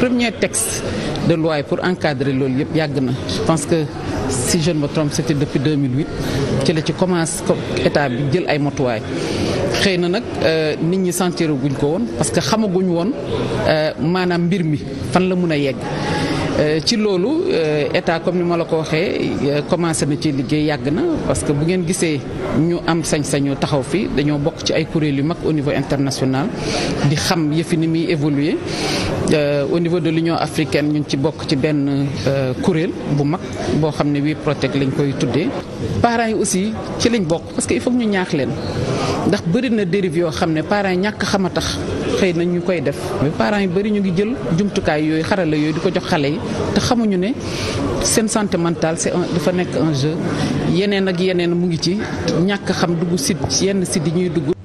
premier texte de loi pour encadrer loolu yëpp yàgg na je pense que si je ne me trompe c'était depuis 2008 ci la ci commence état bi jël ay motuwaay xëy na nag euh, nit ñi sentir guñ ko woon parce que xamaguñ woon euh, maanaam mbir mi fan la mun a yegg euh, ci loolu état comme ni ma la ko waxee commencé na ci liggéey yàgg na parce que bu ngeen gisee ñu am sañ-sañu taxaw fii dañoo bokk ci ay kuréel yu mag au niveau international di xam yëfi ni muy évoluer Euh, au niveau de lu l'Union africaine ñun ci bokk ci benn euh, kuréel bu mag boo xam ne wii protect lañ koy tuddee parent yi aussi ci lañ bokk parce que il ñu ñaax leen ndax bëri na dérive yoo xam ne parents ñàkk xam a tax xëy na ñu koy def mais parents bëri ñu ngi jël jumtukaay yooyu xarala yooyu di ko jox xale yi te xamuñu ne seen santé mentale c'est un dafa nekk un jeu yeneen ak yeneen mu ngi ci ñàkk xam dugg sit yenn sit yi ñuy dugg